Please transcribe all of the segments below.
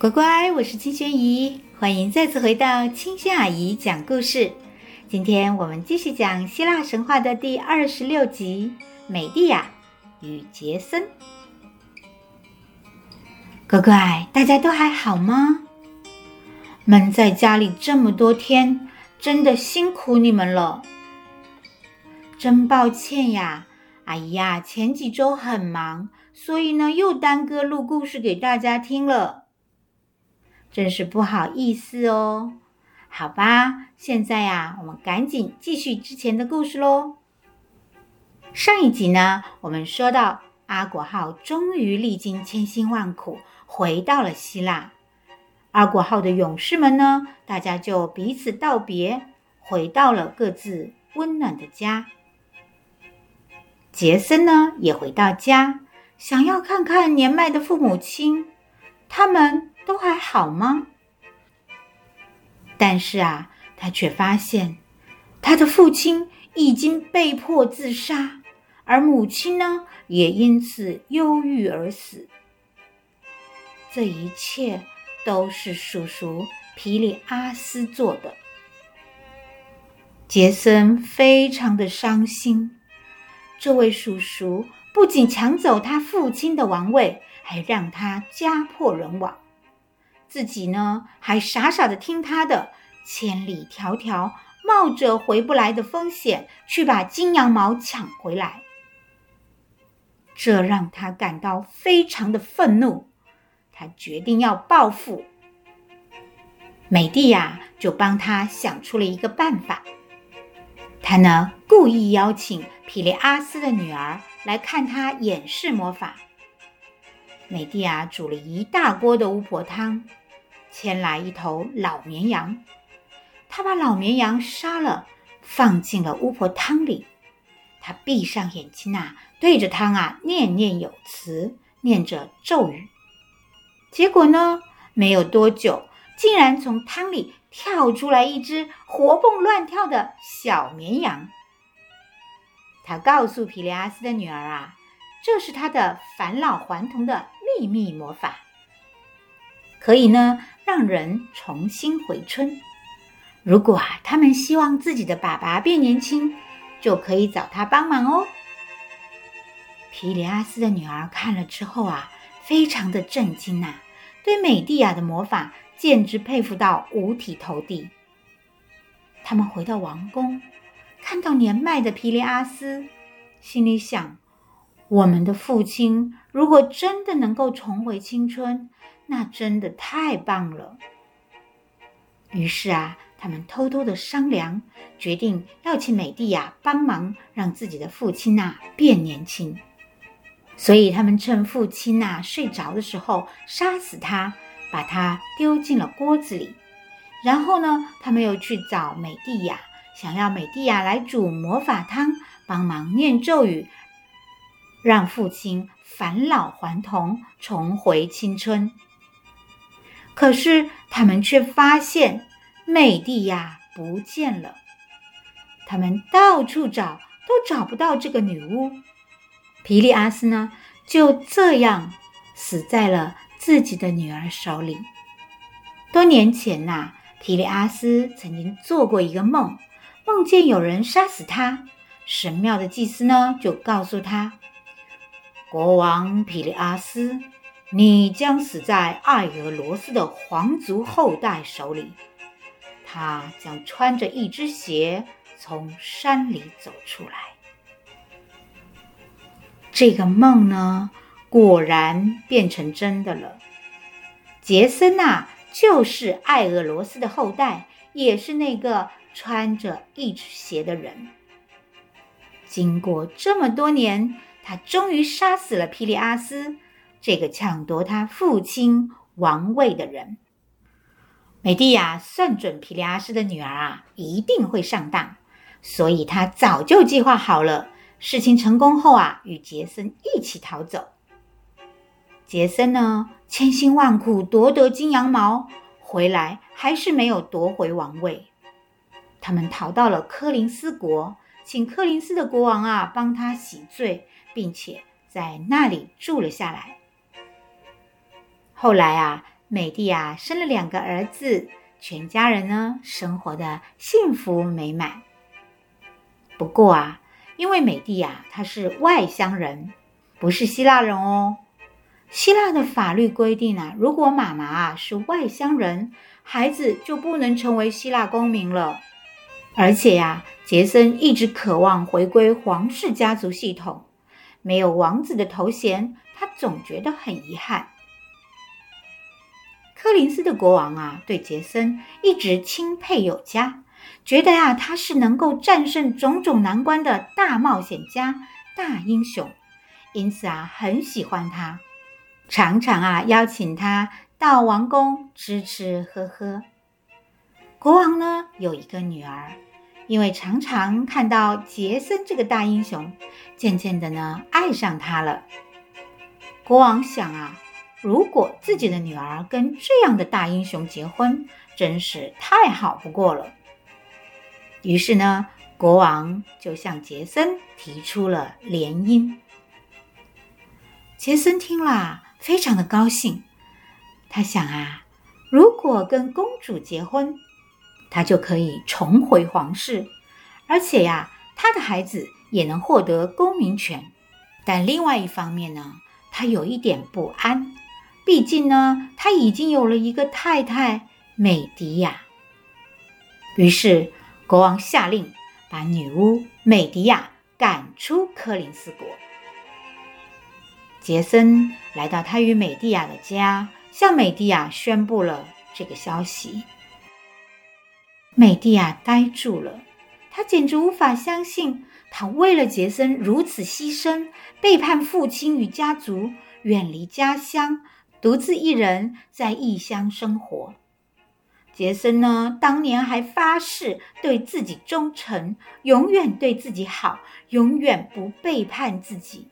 乖乖，我是青萱姨，歡迎再次回到青萱阿姨講故事。今天我們繼續講希臘神話的第二十六集《美狄亞與傑森》。乖乖，大家都還好嗎？悶在家裡這麼多天，真的辛苦你們了。真抱歉呀，阿姨呀、啊，前幾周很忙，所以呢又耽擱錄故事給大家聽了。真是不好意思哦。好吧，現在呀，我們趕緊繼續之前的故事嘍。上一集呢，我們說到阿果號終於歷經千辛萬苦回到了希臘，阿果號的勇士們呢，大家就彼此道別，回到了各自溫暖的家。傑森呢，也回到家，想要看看年邁的父母親，他們。都還好嗎？但是啊，他卻發現，他的父親已經被迫自殺，而母親呢，也因此憂鬱而死。這一切都是叔叔皮里阿斯做的。傑森非常的傷心，這位叔叔不僅搶走他父親的王位，還讓他家破人亡。自己呢，還傻傻地聽他的，千里迢迢冒着回不來的風險去把金羊毛搶回來，這讓他感到非常的憤怒。他決定要報復。美狄亞就幫他想出了一個辦法，他呢，故意邀請皮雷阿斯的女兒來看他演示魔法。美蒂亞煮了一大鍋的巫婆湯，牽來一頭老綿羊，他把老綿羊殺了，放進了巫婆湯裡。他閉上眼睛啊，對着湯啊念念有詞，念着咒語。結果呢，沒有多久，竟然從湯裡跳出來一隻活蹦亂跳的小綿羊。他告訴皮利阿斯的女兒啊，這是他的返老還童的秘密魔法可以呢，讓人重新回春。如果啊，他們希望自己的爸爸變年輕，就可以找他幫忙哦。皮里阿斯的女兒看了之後啊，非常的震驚吶，啊，對美狄亞的魔法簡直佩服到五體投地。他們回到王宮，看到年邁的皮里阿斯，心裡想。我們的父親如果真的能夠重回青春，那真的太棒了。於是啊，他們偷偷的商量，決定要請美狄亞、啊、幫忙，讓自己的父親吶、啊、變年輕。所以他們趁父親吶、啊、睡着的時候殺死他，把他丟進了鍋子裡。然後呢，他們又去找美狄亞、啊，想要美狄亞、啊、來煮魔法湯，幫忙念咒語。讓父親返老還童，重回青春。可是他們卻發現，美狄亞、啊、不見了。他們到處找，都找不到這個女巫。皮利阿斯呢，就這樣死在了自己的女兒手裡。多年前吶、啊，皮利阿斯曾經做過一個夢，夢見有人殺死他。神廟的祭司呢，就告訴他。國王皮利阿斯，你將死在艾俄羅斯的皇族後代手裡。他將穿着一隻鞋從山裡走出來。這個夢呢，果然變成真的了。傑森啊，就是艾俄羅斯的後代，也是那個穿着一隻鞋的人。經過這麼多年。他終於殺死了皮里阿斯，這個搶奪他父親王位的人。美狄亞算準皮里阿斯的女兒啊一定會上當，所以他早就計劃好了。事情成功後啊，與傑森一起逃走。傑森呢，千辛萬苦奪得金羊毛，回來還是沒有奪回王位。他們逃到了柯林斯國，請柯林斯的國王啊幫他洗罪，並且在那裡住了下來。後來啊，美狄亞生了兩個兒子，全家人呢生活得幸福美滿。不過啊，因為美狄亞，她是外鄉人，不是希臘人哦。希臘的法律規定啊，如果媽媽啊是外鄉人，孩子就不能成為希臘公民了。而且呀、啊，傑森一直渴望回歸皇室家族系統。沒有王子的頭銜，他總覺得很遺憾。柯林斯的國王啊，對傑森一直欽佩有加，覺得啊他是能夠戰勝種種難關的大冒險家、大英雄，因此啊很喜歡他，常常啊邀請他到王宮吃吃喝喝。國王呢，有一個女兒。因為常常看到傑森這個大英雄，漸漸的呢愛上他了。國王想啊，如果自己的女兒跟這樣的大英雄結婚，真是太好不過了。於是呢，國王就向傑森提出了聯姻。傑森聽了，非常的高興。他想啊，如果跟公主結婚，他就可以重回皇室，而且呀、啊，他的孩子也能獲得公民權。但另外一方面呢，他有一點不安，畢竟呢，他已經有了一個太太美迪亞。於是國王下令把女巫美迪亞趕出科林斯國。傑森來到他與美迪亞的家，向美迪亞宣布了這個消息。美蒂亞→美狄亞、啊、呆住了，她簡直無法相信，她為了傑森如此犧牲，背叛父親與家族，遠離家鄉，獨自一人在異鄉生活。傑森呢，當年還發誓對自己忠誠，永遠對自己好，永遠不背叛自己。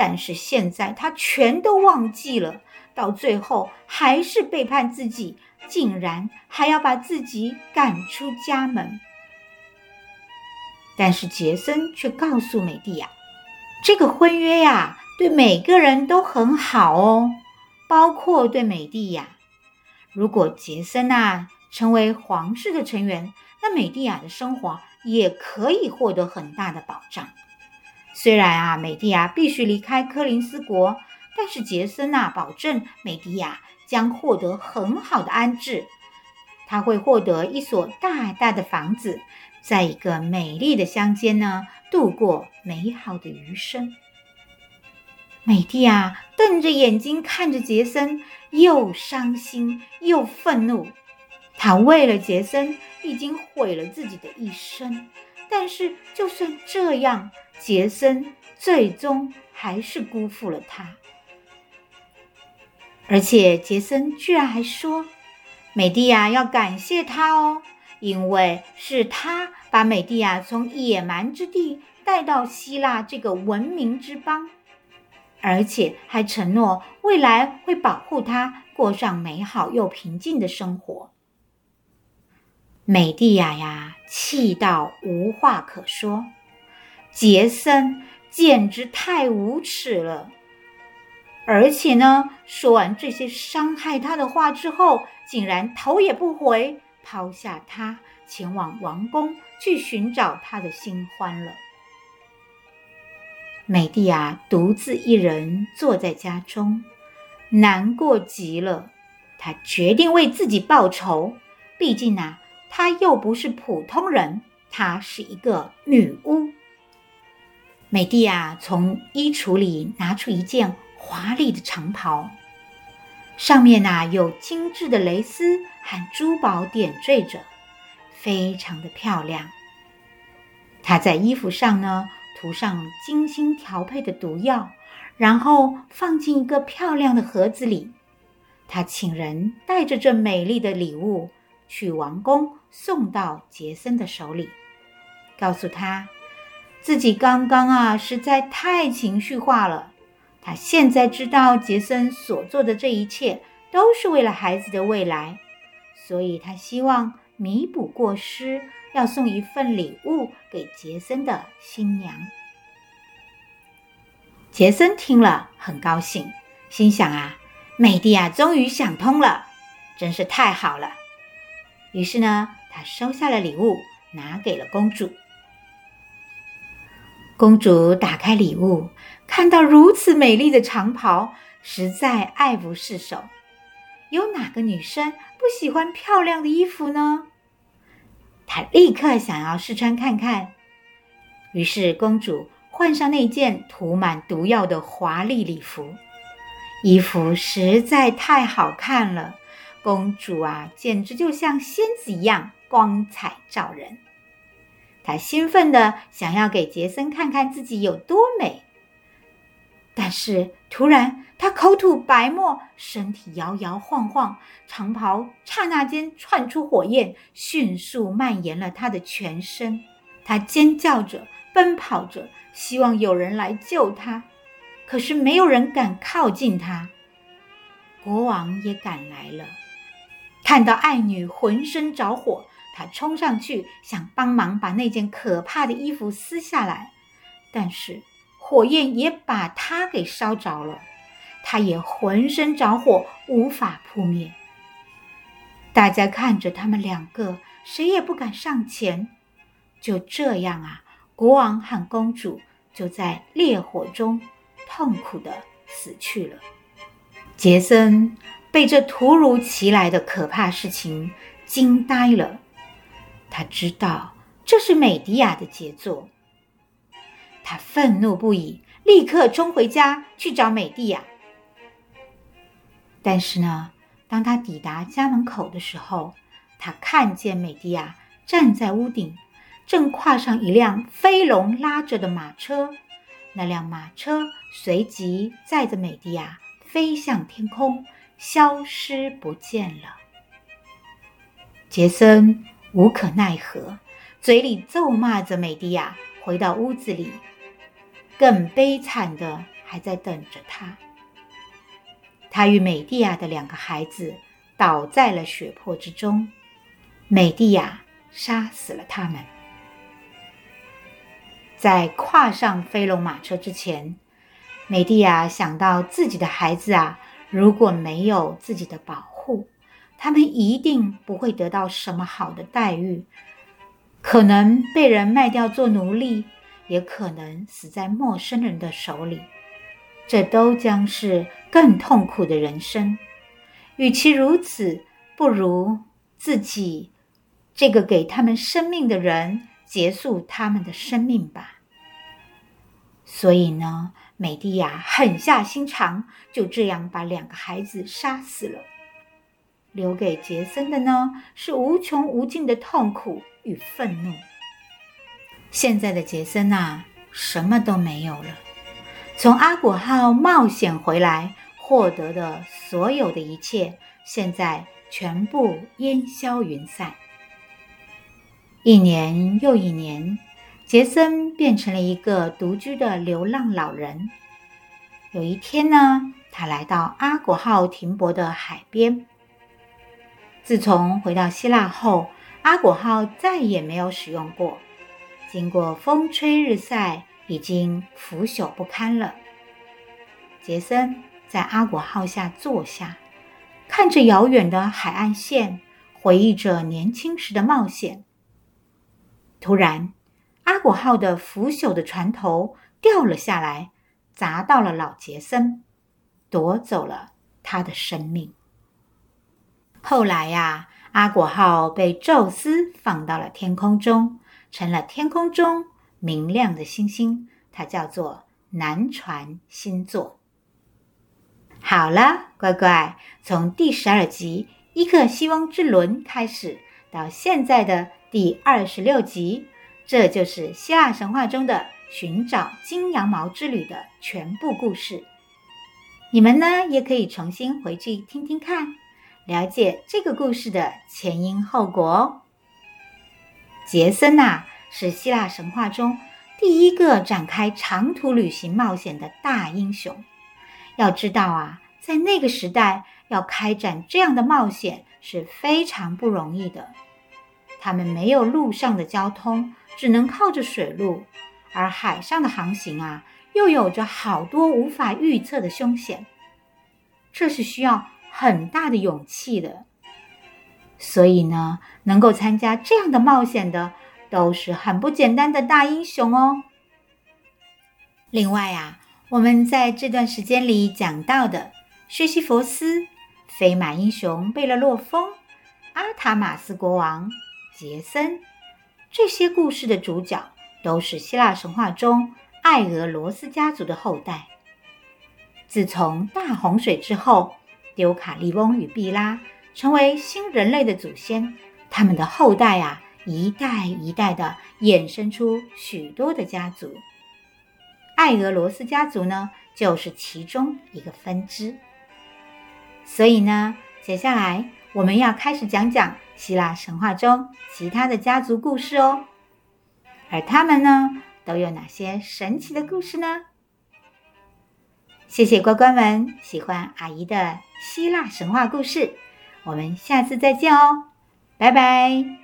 但是現在他全都忘記了，到最後還是背叛自己，竟然還要把自己趕出家門。但是傑森卻告訴美狄亞，這個婚約呀、啊，對每個人都很好哦，包括對美狄亞。如果傑森吶、啊、成為皇室的成員，那美狄亞的生活也可以獲得很大的保障。雖然啊，美狄亞必須離開柯林斯國，但是傑森吶、啊，保證美狄亞將獲得很好的安置。他會獲得一所大大的房子，在一個美麗的鄉間呢，度過美好的餘生。美狄亞瞪着眼睛看着傑森，又傷心又憤怒。他為了傑森，已經毀了自己的一生。但是，就算這樣，傑森最終還是辜負了他。而且，傑森居然還說：“美狄亞要感謝他哦，因為是他把美狄亞從野蠻之地帶到希臘這個文明之邦，而且還承諾未來會保護他，過上美好又平靜的生活。”美狄亞呀！氣到無話可說，傑森簡直太無恥了！而且呢，說完這些傷害他的話之後，竟然頭也不回，拋下他前往王宮去尋找他的新歡了。美狄亞，獨自一人坐在家中，難過極了。他決定為自己報仇，畢竟吶、啊。她又不是普通人，她是一個女巫。美狄亞、啊、從衣櫥裡拿出一件華麗的長袍，上面吶、啊、有精致的蕾絲和珠寶點綴着，非常的漂亮。她在衣服上呢塗上精心調配的毒藥，然後放進一個漂亮的盒子裡。她請人帶着這美麗的禮物。去王宮送到傑森的手裡，告訴他自己剛剛啊實在太情緒化了。他現在知道傑森所做的這一切都是為了孩子的未來，所以他希望彌補過失，要送一份禮物給傑森的新娘。傑森聽了很高興，心想啊，美狄亞終於想通了，真是太好了。於是呢，他收下了禮物，拿給了公主。公主打開禮物，看到如此美麗的長袍，實在愛不釋手。有哪個女生不喜歡漂亮的衣服呢？她立刻想要試穿看看。於是，公主換上那件塗滿毒藥的華麗禮服。衣服實在太好看了。公主啊，簡直就像仙子一樣光彩照人。她興奮地想要給傑森看看自己有多美，但是突然她口吐白沫，身體搖搖晃晃，長袍剎那間竄出火焰，迅速蔓延了她的全身。她尖叫着，奔跑着，希望有人來救她，可是沒有人敢靠近她。國王也趕來了。看到愛女渾身着火，他衝上去想幫忙把那件可怕的衣服撕下來，但是火焰也把他給燒着了，他也渾身着火，無法撲滅。大家看着他們兩個，誰也不敢上前。就這樣啊，國王和公主就在烈火中痛苦地死去了。傑森。被這突如其來的可怕事情驚呆了。他知道這是美狄亞的傑作。他憤怒不已，立刻衝回家去找美狄亞。但是呢，當他抵達家門口的時候，他看見美狄亞站在屋頂，正跨上一輛飛龍拉着的馬車。那輛馬車隨即載着美狄亞飛向天空。消失不見了。傑森無可奈何，嘴裡咒罵着美蒂亞，回到屋子裡。更悲慘的還在等着他。他與美蒂亞的兩個孩子倒在了血泊之中，美蒂亞殺死了他們。在跨上飛龍馬車之前，美蒂亞想到自己的孩子啊。如果沒有自己的保護，他們一定不會得到什麼好的待遇，可能被人賣掉做奴隸，也可能死在陌生人的手裡，這都將是更痛苦的人生。與其如此，不如自己這個給他們生命的人結束他們的生命吧。所以呢，美狄亞，狠下心腸，就這樣把兩個孩子殺死了。留給傑森的呢，是無窮無盡的痛苦與憤怒。現在的傑森吶、啊，什麼都沒有了。從阿果號冒險回來獲得的所有的一切，現在全部煙消雲散。一年又一年。傑森變成了一個獨居的流浪老人。有一天呢，他來到阿果號停泊的海邊。自從回到希臘後，阿果號再也沒有使用過，經過風吹日曬，已經腐朽不堪了。傑森在阿果號下坐下，看着遙遠的海岸線，回憶着年輕時的冒險。突然，阿果號的腐朽的船頭掉了下來，砸到了老傑森，奪走了他的生命。後來呀、啊，阿果號被宙斯放到了天空中，成了天空中明亮的星星，它叫做南船星座。好了，乖乖，從第十二集《伊克希望之輪》開始，到現在的第二十六集。這就是希臘神話中的尋找金羊毛之旅的全部故事。你們呢，也可以重新回去聽聽看，了解這個故事的前因後果哦。傑森啊，是希臘神話中第一個展開長途旅行冒險的大英雄。要知道啊，在那個時代，要開展這樣的冒險是非常不容易的。他們沒有路上的交通。只能靠着水路，而海上的航行啊，又有着好多無法預測的凶險，這是需要很大的勇氣的。所以呢，能夠參加這樣的冒險的，都是很不簡單的大英雄哦。另外啊，我們在這段時間裡講到的，薛西弗斯、飛馬英雄貝勒洛豐、阿塔馬斯國王、傑森。這些故事的主角都是希臘神話中愛俄羅斯家族的後代。自從大洪水之後，丟卡利翁與畢拉成為新人類的祖先，他們的後代啊，一代一代的衍生出許多的家族。愛俄羅斯家族呢，就是其中一個分支。所以呢，接下來。我們要開始講講希臘神話中其他的家族故事哦，而他們呢，都有哪些神奇的故事呢？謝謝乖乖們喜歡阿姨的希臘神話故事，我們下次再見哦，拜拜。